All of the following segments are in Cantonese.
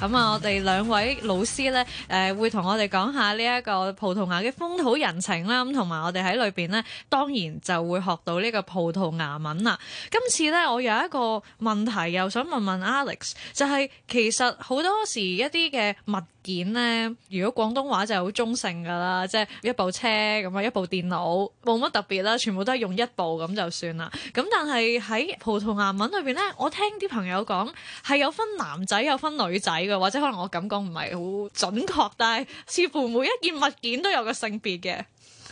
咁啊，嗯、我哋兩位老師咧，誒、呃、會同我哋講下呢一個葡萄牙嘅風土人情啦，咁同埋我哋喺裏邊咧，當然就會學到呢個葡萄牙文啦。今次咧，我有一個問題又想問問 Alex，就係其實好多時一啲嘅物件咧，如果廣東話就係好中性㗎啦，即係一部車咁啊，一部電腦冇乜特別啦，全部都係用一部咁就算啦。咁但係喺葡萄牙文裏邊咧，我聽啲朋友講係有分男仔有分女仔。或者可能我感覺唔係好準確，但係似乎每一件物件都有個性別嘅。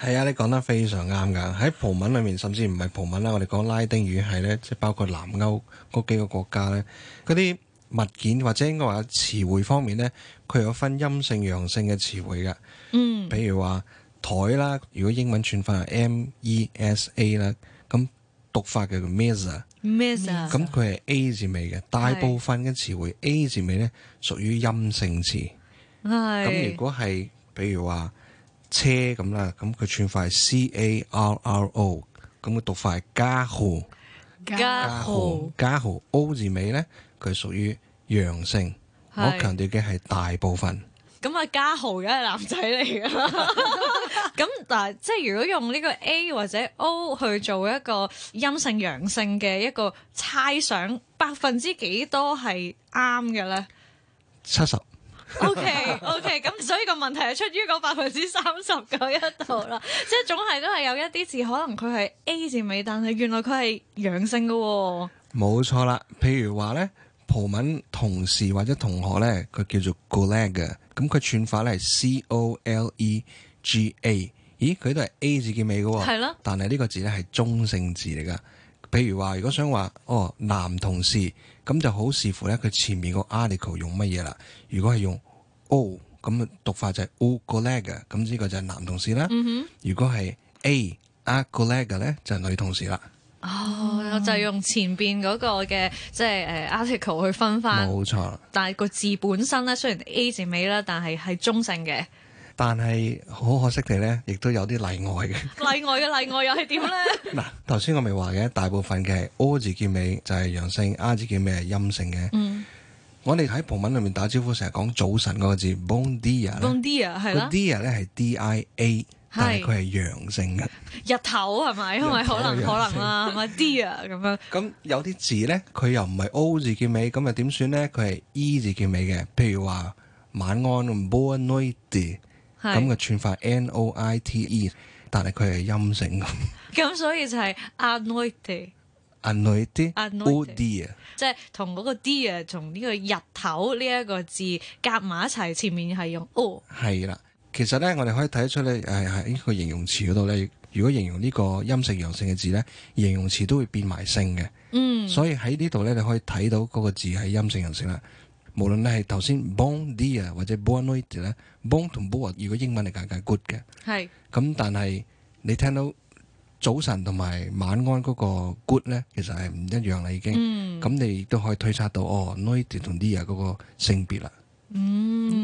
係啊，你講得非常啱噶。喺葡文裏面，甚至唔係葡文啦，我哋講拉丁語系咧，即係包括南歐嗰幾個國家咧，嗰啲物件或者應該話詞彙方面咧，佢有分陰性陽性嘅詞彙噶。嗯，比如話檯啦，如果英文轉翻係 mesa 啦，咁讀法嘅叫 mesa。咩啊？咁佢係 A 字尾嘅，大部分嘅詞彙是 A 字尾咧，屬於陰性詞。咁是如果係，比如話車咁啦，咁佢串法係 C A R R O，咁佢讀法係加號。加號加號 O 字尾咧，佢屬於陽性。是我強調嘅係大部分。咁阿嘉豪梗係男仔嚟嘅，咁但係，即係如果用呢個 A 或者 O 去做一個陰性陽性嘅一個猜想，百分之幾多係啱嘅咧？七十。O K O K，咁所以個問題係出於個百分之三十嗰一度啦， 即係總係都係有一啲字可能佢係 A 字尾，但係原來佢係陽性嘅。冇錯啦，譬如話咧。葡文同事或者同學咧，佢叫做 Golega，咁佢串法咧係 c o l e g a，咦佢都係 a 字結尾嘅喎，的但係呢個字咧係中性字嚟噶。譬如話，如果想話哦男同事，咁就好視乎咧佢前面個 article 用乜嘢啦。如果係用 o，咁讀法就係 o Golega，咁呢個就係男同事啦。嗯、哼如果係 a Golega 咧，就係女同事啦。哦，我就、oh, mm. 用前邊嗰個嘅即係誒 article 去分翻，冇錯。但係個字本身咧雖然 a 字尾啦，但係係中性嘅。但係好可惜地咧，亦都有啲例外嘅。 例外嘅例外又係點咧？嗱 頭先我未話嘅，大部分嘅 o 字結尾就係、是、陽性，r 字結尾係陰性嘅。嗯、我哋喺葡文裏面打招呼成日講早晨嗰個字 bon dia，bon dia 係啊，dia 咧係 d, d i a。但係佢係陽性嘅，日頭係咪？因為可能可能啦、啊，係咪 dia 咁樣？咁、嗯、有啲字咧，佢又唔係 O 字結尾，咁啊點算咧？佢係 E 字結尾嘅，譬如話晚安，boa noite，咁嘅串法 n o i t e，但係佢係陰性咁。咁、嗯、所以就係 a noite，a noite，o dia，即係同嗰個 dia 從呢個日頭呢一個字夾埋一齊，前面係用 O。係啦。其實咧，我哋可以睇得出咧，誒、哎、喺、哎這個形容詞嗰度咧，如果形容個呢個陰性陽性嘅字咧，形容詞都會變埋性嘅。嗯，所以喺呢度咧，你可以睇到嗰個字係陰性陽性啦。無論你係頭先 bom dia 或者 boa noite 咧，bom 同 boa 如果英文嚟解解 good 嘅，係是。咁、嗯、但係你聽到早晨同埋晚安嗰個 good 咧，其實係唔一樣啦，已經。嗯。咁、嗯、你都可以推測到哦 noite 同 dia 嗰個性別啦。嗯。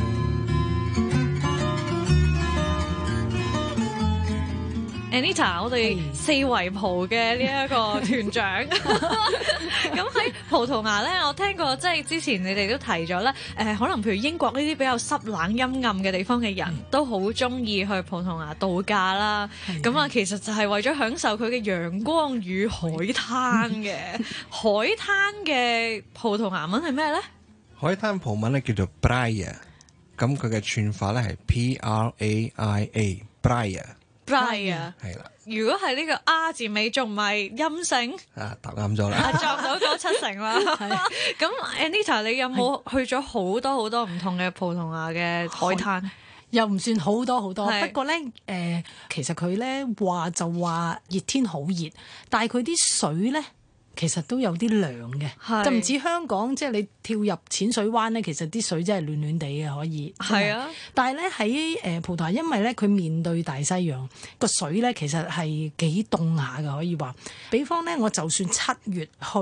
Anita，我哋四圍蒲嘅呢一個團長，咁 喺 葡萄牙咧，我聽過即係之前你哋都提咗啦。誒、呃、可能譬如英國呢啲比較濕冷陰暗嘅地方嘅人都好中意去葡萄牙度假啦。咁啊、嗯，其實就係為咗享受佢嘅陽光與海灘嘅、嗯、 海灘嘅葡萄牙文係咩咧？海灘葡文咧叫做 praia，咁佢嘅串法咧係 p r a i a，praia。係啊，係啦 Dry、er, 對。如果係呢個阿、啊、字尾，仲唔係陰性？啊，答啱咗啦！啊 撞到咗七成啦。咁 是 Anita，你有冇去咗好多好多唔同嘅葡萄牙嘅海灘？又唔算好多好多，是不過咧，誒、呃，其實佢咧話就話熱天好熱，但係佢啲水咧。其實都有啲涼嘅，是就唔似香港，即係你跳入淺水灣咧，其實啲水真係暖暖地嘅可以。係、就是、啊，但係咧喺誒葡萄牙，因為咧佢面對大西洋，個水咧其實係幾凍下㗎可以話。比方咧，我就算七月去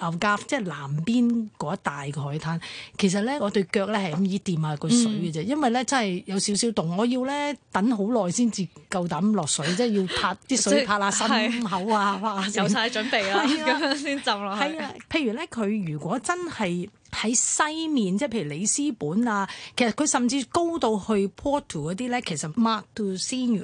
牛甲，即係南邊嗰一帶嘅海灘，其實咧我對腳咧係咁依掂下個水嘅啫，因為咧真係有少少凍，我要咧等好耐先至夠膽落水，即係要即是拍啲水拍下心口啊，哇的！是的 有晒準備啦～ 先 浸落去係啊，譬如咧，佢如果真係喺西面，即係譬如里斯本啊，其實佢甚至高到去 Porto 嗰啲咧，其實 Madeira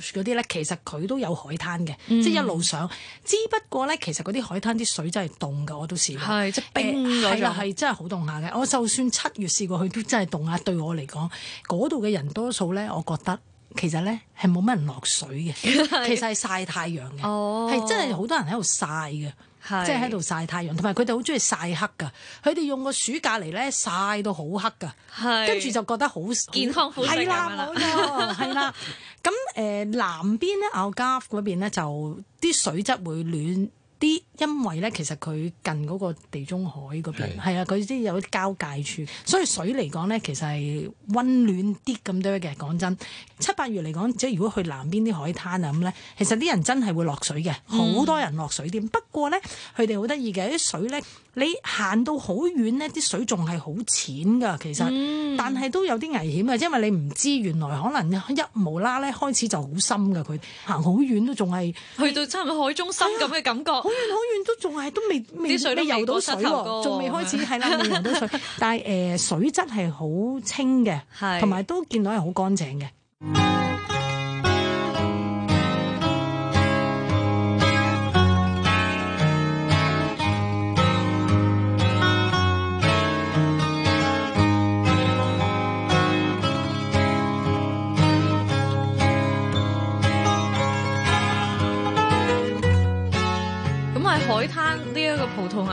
嗰啲咧，其實佢都有海灘嘅，嗯、即係一路上。只不過咧，其實嗰啲海灘啲水真係凍噶，我都試過。係是即係冰嗰種。係啦了，係、啊、真係好凍下嘅。我就算七月試過去，都真係凍下。對我嚟講，嗰度嘅人多數咧，我覺得其實咧係冇乜人落水嘅， 其實係曬太陽嘅，係、哦、真係好多人喺度曬嘅。是即係喺度曬太陽，同埋佢哋好中意曬黑噶。佢哋用個暑假嚟咧曬到好黑噶，是跟住就覺得好健康很。好係啦，冇錯，係啦。咁誒、 呃，南邊咧，牛家芙嗰邊咧就啲水質會暖。啲因為咧，其實佢近嗰個地中海嗰邊，係是啊，佢啲有啲交界處，所以水嚟講咧，其實係溫暖啲咁多嘅。講真，七八月嚟講，即係如果去南邊啲海灘啊咁咧，其實啲人真係會落水嘅，好多人落水添。嗯、不過咧，佢哋好得意嘅啲水咧，你行到好遠呢，啲水仲係好淺㗎。其實，但係都有啲危險嘅，因為你唔知原來可能一無啦啦開始就好深㗎。佢行好遠都仲係去到差唔多海中心咁嘅感覺。哎好遠好遠都仲係都未未未游到水喎，仲未開始係啦，未游到水。但係誒、呃，水質係好清嘅，同埋是都見到係好乾淨嘅。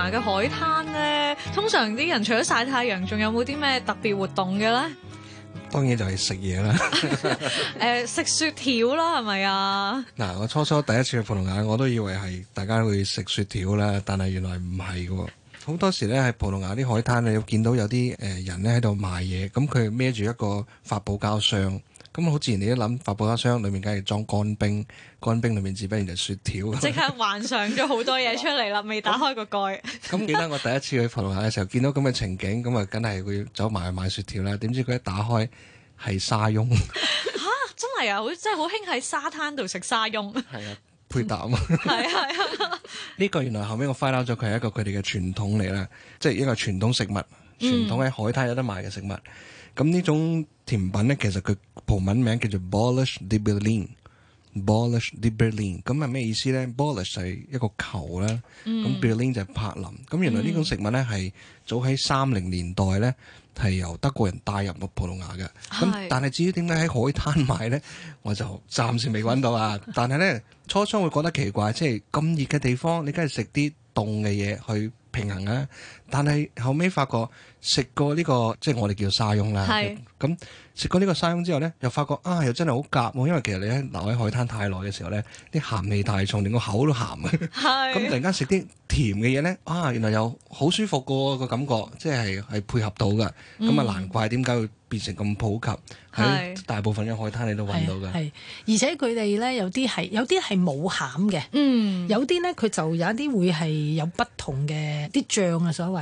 嘅海灘咧，通常啲人除咗曬太陽，仲有冇啲咩特別活動嘅咧？當然就係食嘢啦，誒食雪條啦，係咪啊？嗱、啊，我初初第一次去葡萄牙，我都以為係大家會食雪條啦，但係原來唔係嘅，好多時咧，喺葡萄牙啲海灘咧，你見到有啲誒人咧喺度賣嘢，咁佢孭住一個發泡膠箱。咁好，嗯，自然，你一諗，發泡膠箱裏面梗係裝乾冰，乾冰裏面自不然就雪條。即刻幻想咗好多嘢出嚟啦， 未打開個蓋。咁， 嗯嗯，記得我第一次去葡萄牙嘅時候，見到咁嘅情景，咁啊，梗係會走埋去買雪條啦。點知佢一打開係沙翁，嚇真係啊！好真係好興喺沙灘度食沙翁。係 啊，配搭 啊。係啊，呢 個原來後尾我 find out 咗佢係一個佢哋嘅傳統嚟啦，即係一個傳統食物，傳統喺海灘有得賣嘅食物。咁呢，嗯，種。甜品咧，其實佢葡文名叫做 Bola de Berlim，Bola de Berlim，咁係咩意思咧？Bola 就係一個球啦，咁、嗯、Berlim 就係柏林。咁原來呢種食物咧係、嗯、早喺三零年代咧係由德國人帶入個葡萄牙嘅。咁但係至於點解喺海灘買咧，我就暫時未揾到啊。 但係咧，初初會覺得奇怪，即係咁熱嘅地方，你梗係食啲凍嘅嘢去平衡啦。但係後尾發覺食過呢、呢個即係我哋叫沙翁啦，咁食是過呢個沙翁之後呢，又發覺啊又真係好夾喎，因為其實你喺留喺海灘太耐嘅時候呢，啲鹹味太重，連個口都鹹嘅。咁是、嗯、突然間食啲甜嘅嘢呢，啊原來又好舒服個感覺，即係係配合到嘅。咁啊、嗯、難怪點解會變成咁普及，喺大部分嘅海灘你都揾到嘅。而且佢哋呢，有啲係有啲係冇餡嘅，有啲、嗯、呢，佢就有一啲會係有不同嘅啲醬啊所謂。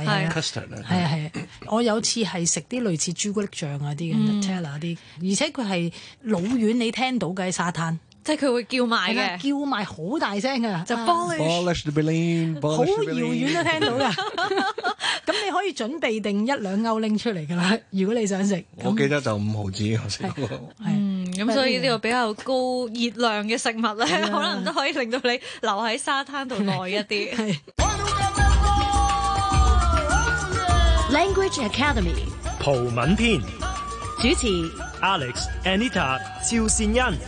係啊，係啊，係啊！我有次係食啲類似朱古力醬啊啲嘅 chocola 啲，而且佢係老遠你聽到嘅喺沙灘，即係佢會叫賣，嘅，叫賣好大聲嘅，就 ballish ballish the Berlin。好遙遠都聽到㗎。咁你可以準備定一兩歐拎出嚟㗎啦，如果你想食。我記得就五毫子我食過。嗯，咁所以呢個比較高熱量嘅食物咧，可能都可以令到你留喺沙灘度耐一啲。Language Academy 葡文篇主持 Alex Anita 趙善恩。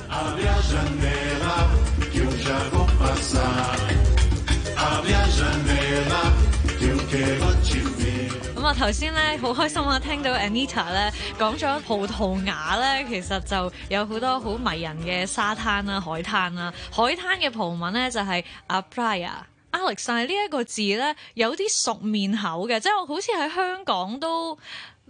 咁啊，頭先咧，好、啊啊啊啊嗯、開心啊，聽到 Anita 咧講咗葡萄牙咧，其實就有好多好迷人嘅沙灘啊、海灘啊。海灘嘅葡文咧就係 a praia。Alex，呢一個字咧有啲熟面口嘅，即係好似喺香港都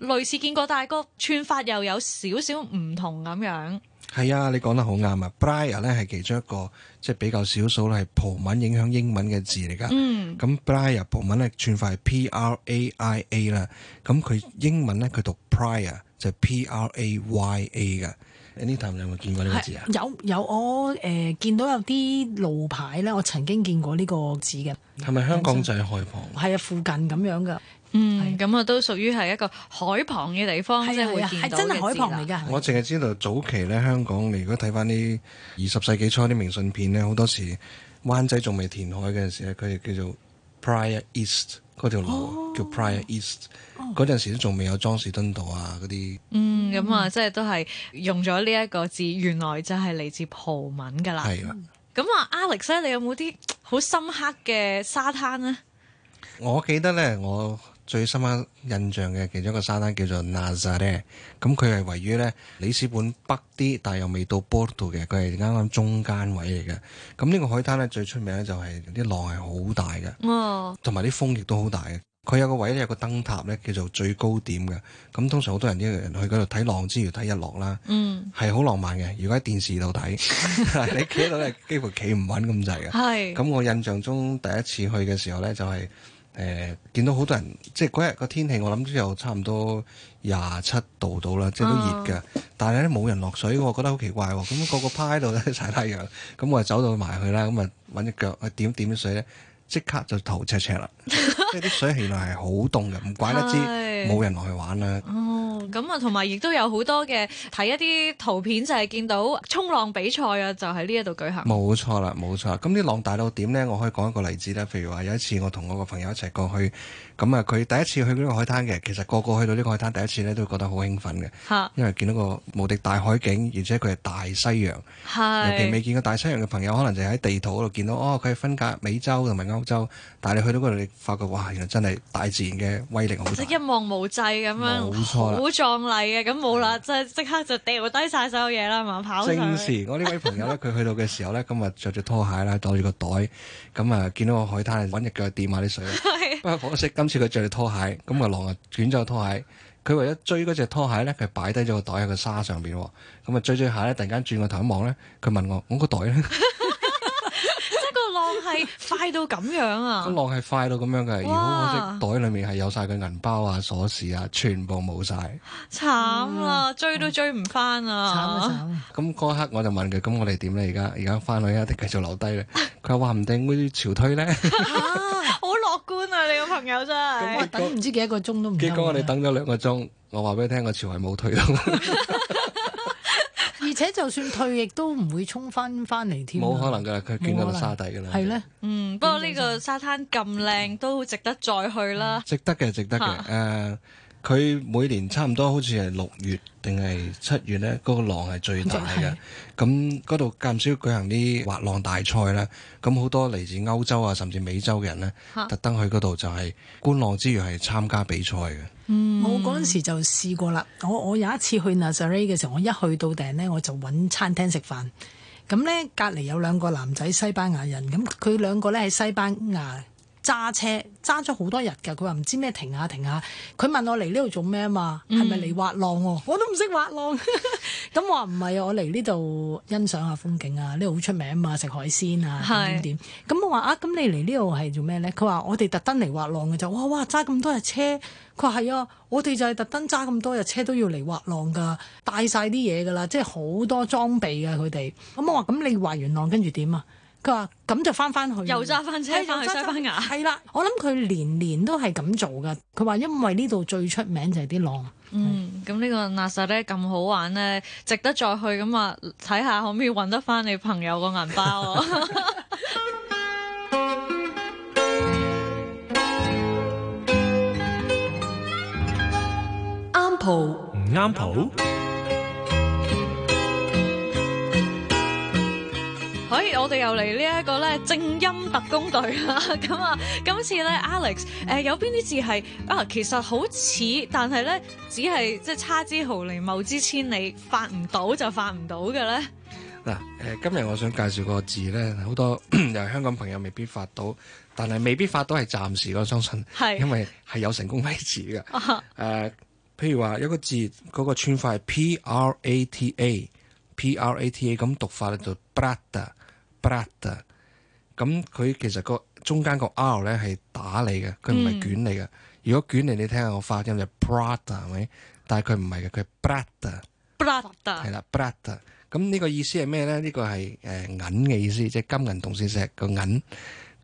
類似見過，但係個串法又有少少唔同咁樣。係啊，你講得好啱啊。Praia 咧係其中一個即係、就是、比較少數咧係葡文影響英文嘅字嚟㗎。嗯，咁 Praia 葡文咧串法係 P R A I A 啦，咁佢英文咧佢讀 Praya 就是、P R A Y A 嘅。Anita，你有冇見過呢個字啊？有，有我誒、呃、見到有啲路牌咧，我曾經見過呢個字嘅。係咪香港就係海旁？係啊，附近咁樣噶。嗯，咁啊都屬於係一個海旁嘅地方，是即係是真係海旁嚟㗎。是我淨係知道早期咧香港，你如果睇翻啲二十世紀初啲明信片咧，好多時灣仔仲未填海嗰陣時咧，佢哋叫做 Prior East。嗰條路叫 Prior East，嗰陣時，oh. oh. 都仲未有莊士敦道啊，嗰啲嗯咁啊，即係都係用咗呢一個字，原來就係嚟自葡文噶啦。係啦。咁啊，Alex，你有冇啲好深刻嘅沙灘咧？我記得咧，我。最深刻印象嘅其中一個沙灘叫做 Nazare 咁佢係位於咧里斯本北啲，但又未到波度嘅，佢係啱啱中間位嚟嘅。咁呢個海灘咧最出名咧就係、是、啲浪係好大嘅，同埋啲風亦都好大嘅。佢有個位咧有個燈塔咧叫做最高點嘅。咁通常好多人啲人去嗰度睇浪之餘睇日落啦，嗯，係好浪漫嘅。如果喺電視度睇， 你企度咧，幾乎企唔穩咁滯嘅。係咁是，我印象中第一次去嘅時候咧，就係、是。誒、呃、見到好多人，即係嗰日個天氣，我諗都有差唔多廿七度到啦，即係都熱㗎。Oh. 但係咧冇人落水，我覺得好奇怪喎。咁個個趴喺度咧曬太陽，咁我就走到埋去啦，咁啊搵隻腳去點點啲水咧，即刻就頭赤赤啦。 即係啲水原來係好凍嘅，唔怪得知冇人落去玩啦。哦，咁啊，同埋亦都有好多嘅睇一啲圖片，就係見到衝浪比賽啊，就喺呢一度舉行。冇錯啦，冇錯。咁啲浪大到點咧？我可以講一個例子啦。譬如話有一次，我同我個朋友一齊過去，咁啊佢第一次去呢個海灘嘅。其實個個去到呢個海灘第一次咧，都會覺得好興奮嘅。因為見到個無敵大海景，而且佢係大西洋。係。尤其未見過大西洋嘅朋友，可能就喺地圖度見到哦，佢係分隔美洲同埋歐洲。但係你去到嗰度，你發覺啊、原來，真係大自然嘅威力好大，一望無際咁樣，冇錯，好壯麗嘅，咁冇啦，的即係即刻就掉低晒所有嘢啦，慢慢的跑。正是我呢位朋友咧，佢 去到嘅時候咧，今日着住拖鞋啦，袋住個袋，咁啊見到個海灘揾隻腳掂下啲水。 不過可惜，今次佢着住拖鞋，咁 個浪啊捲走拖鞋。佢為咗追嗰隻拖鞋咧，佢擺低咗個袋喺個沙上邊。咁啊追追下咧，突然間轉個頭一望咧，佢問我：我個袋咧？ 係快到咁樣啊！個浪係快到咁樣嘅，我隻袋裏面係有晒佢銀包啊、鎖匙啊，全部冇晒，慘啦！追都追唔翻啊！慘啊慘！咁嗰刻我就問佢：咁我哋點咧？而家而家翻去一定繼續留低咧。佢話唔定會潮退咧。好樂觀啊！你個朋友真係。咁我等唔知幾多個鐘都唔。結果我哋等咗兩個鐘，我話俾你聽，個潮係冇退到。而且就算退役都唔會沖翻翻嚟添，冇可能噶啦，佢見到個沙底噶啦。係咧，的呢嗯，不過呢個沙灘咁靚都值得再去啦，值得嘅，值得嘅，誒。啊呃佢每年差唔多好似係六月定係七月呢嗰、嗰個浪係最大嘅。咁嗰度間少舉行啲滑浪大賽咧。咁好多嚟自歐洲啊，甚至美洲嘅人呢，哈特登去嗰度就係觀浪之餘係參加比賽嘅。嗯、我嗰陣時就試過啦。我我有一次去 Nazare 嘅時候，我一去到訂呢，我就揾餐廳食飯。咁呢，隔離有兩個男仔西班牙人，咁佢兩個呢喺西班牙。揸車揸咗好多日㗎，佢話唔知咩停下停下。佢問我嚟呢度做咩啊嘛，係咪嚟滑浪啊？嗯，我都唔識滑浪。咁我話唔係啊，我嚟呢度欣賞下風景啊。呢度好出名啊嘛，食海鮮啊點點點。咁我話啊，咁你嚟呢度係做咩咧？佢話我哋特登嚟滑浪嘅就哇哇揸咁多日車。佢話係啊，我哋就係特登揸咁多日車都要嚟滑浪㗎，帶晒啲嘢㗎啦，即係好多裝備㗎佢哋。咁我話咁你滑完浪跟住點啊？佢話：咁就翻翻去又揸翻車，翻去西班牙。係啦，我諗佢年年都係咁做噶。佢話因為呢度最出名就係啲浪。嗯，咁呢個納實咧咁好玩咧，值得再去咁啊！睇下可唔可以揾得翻你朋友個銀包啊。啱蒲唔啱蒲？所以我哋又嚟呢一個咧正音特工隊啦，咁 啊、嗯，今次咧 Alex，誒、呃、有邊啲字係啊，其實好似，但係咧只係即係差之毫厘，謬之千里，發唔到就發唔到嘅咧。嗱，誒今日我想介紹個字咧，好多由 香港朋友未必發到，但係未必發到係暫時我相信係因為係有成功例子嘅。誒、 呃，譬如話一個字，嗰、那個串法係 P R A T A，P R A T A 咁讀法咧就布拉特。Brata，咁佢其實個中間個 R 咧係打你嘅，佢唔係捲你嘅。嗯、如果捲你，你聽下我發音就係 Brata 係咪？但係佢唔係嘅，佢係 Brata 係啦，Brata 咁呢個意思係咩咧？呢、這個係誒銀嘅意思，即係金銀銅鑄石個銀。咁、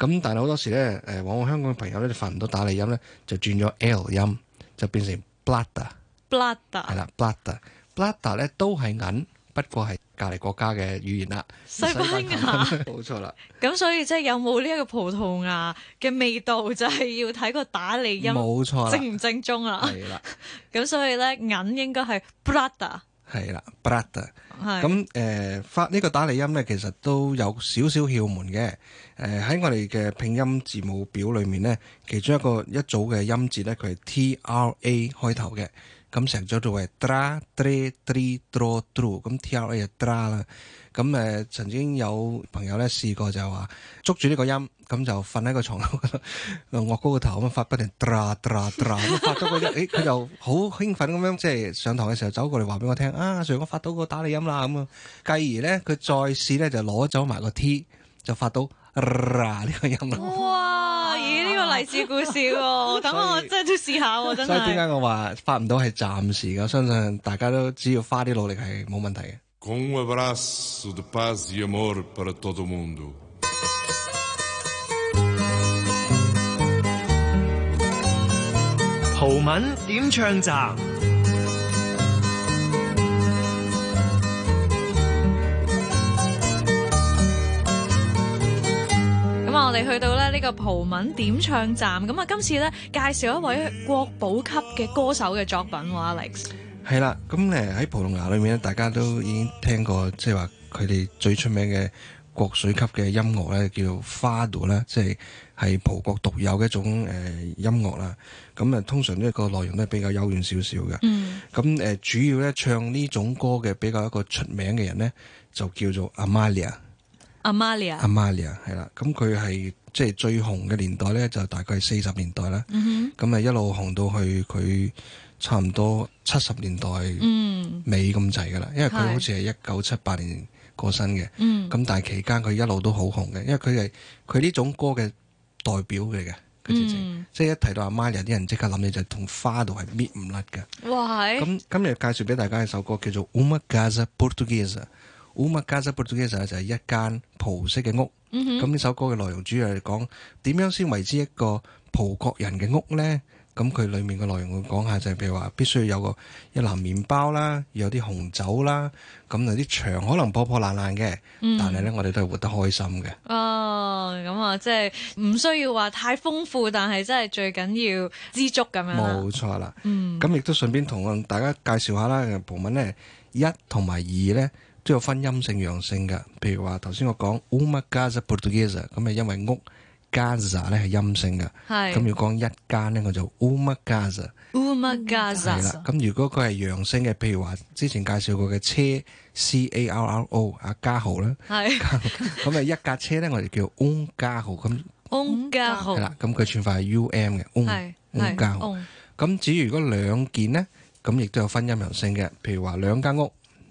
嗯、但係好多時咧，誒、呃、往往香港嘅朋友咧就發唔到打你音咧，就轉咗 L 音，就變成 Blata，Blata 係啦，Blata，Blata 咧都係銀。不過係隔離國家嘅語言啦，西班牙冇班 錯啦了。咁所以即係有冇呢一個葡萄牙嘅味道，就係要睇個打理音，冇錯，正唔正宗啦。係啦，咁所以咧銀應該係 prata，係啦 prata。係咁誒，發呢是、呃這個打理音咧，其實都有少少竅門嘅。誒、呃、喺我哋嘅拼音字母表裏面咧，其中一個一組嘅音節咧，佢係 T R A 開頭嘅。咁成咗做為 tra tre tri tro tru 咁 tra 又 tra 啦。咁誒、嗯、曾經有朋友咧試過就話捉住呢個音，咁就瞓喺個床度，臥 高個頭咁發不停「tra tra tra，發咗個音，佢、欸、就好興奮咁樣即係上堂嘅時候走過嚟話俾我聽啊！阿 sir 我發到、那個打你音啦咁啊！繼而咧佢再試咧就攞走埋個 t 就發到。呢個音樂哇，咦，呢個勵志故事喎，等我真係都試下喎，真係。所以點解我話發唔到係暫時嘅，相信大家都只要花啲努力係冇問題嘅。葡文點唱站。我哋去到咧呢個葡文點唱站，咁啊，今次咧介紹一位國寶級嘅歌手嘅作品，Alex。係啦，咁誒喺葡萄牙裏面咧，大家都已經聽過，即係話佢哋最出名嘅國粹級嘅音樂咧，叫做 Fado 啦，即係係葡國獨有嘅一種誒、呃、音樂啦。咁啊，通常呢一個內容都係比較幽怨少少嘅。咁誒、嗯呃，主要咧唱呢種歌嘅比較一個出名嘅人咧，就叫做 Amalia。阿瑪莉亞，阿瑪莉亞係啦，咁佢係即係最紅嘅年代咧，就大概係四十年代啦。咁咪、mm hmm. 一路紅到去佢差唔多七十年代尾咁滯噶啦，因為佢好似係一九七八年過身嘅。咁但係期間佢一路都好紅嘅，因為佢係佢呢種歌嘅代表嚟嘅。Mm hmm. 即係一提到阿瑪莉亞，啲人即刻諗起就係同花度係搣唔甩嘅。哇！咁今日介紹俾大家一首歌叫做《Uma Casa Portuguesa》。Uma casa Portuguesa 就係一間葡式嘅屋，咁呢、mm hmm. 首歌嘅內容主要係講點樣先為之一個葡國人嘅屋咧？咁、嗯、佢裏面嘅內容會講下就係，譬如話必須有個一籃麵包啦，有啲紅酒啦，咁有啲牆可能破破爛爛嘅，但係咧我哋都係活得開心嘅。哦、mm，咁、hmm. oh, 啊，即係唔需要話太豐富，但係真係最緊要知足咁樣，冇錯啦，咁亦、mm hmm. 都順便同大家介紹下啦，葡文咧一同埋二咧。都有分陰性、陽性嘅。譬如話頭先我講，Uma Casa Portuguesa，咁係因為屋 Casa 咧係陰性嘅。係咁要講一間咧，我就 Uma Casa。Uma Casa 係啦。咁如果佢係陽性嘅，譬如話之前介紹過嘅車 C A R R O 阿加豪啦。係咁啊，一架車咧，我哋叫 On 加豪。咁 On 加豪係啦。咁佢串法係 U M 嘅 On 加豪。咁至於如果兩件咧，咁亦都有分陰陽性嘅。譬如話兩間屋。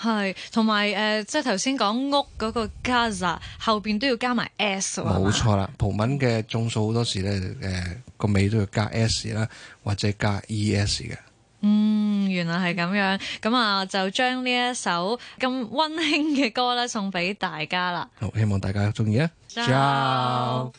係，同埋誒，即係頭先講屋嗰個 Gaza 後邊都要加埋 S 啊！冇錯啦，葡文嘅眾數好多時咧，誒、呃、個尾都要加 S 啦，或者加 ES 嘅。嗯，原來係咁樣，咁啊就將呢一首咁溫馨嘅歌咧送俾大家啦。好，希望大家中意啊！Cheers。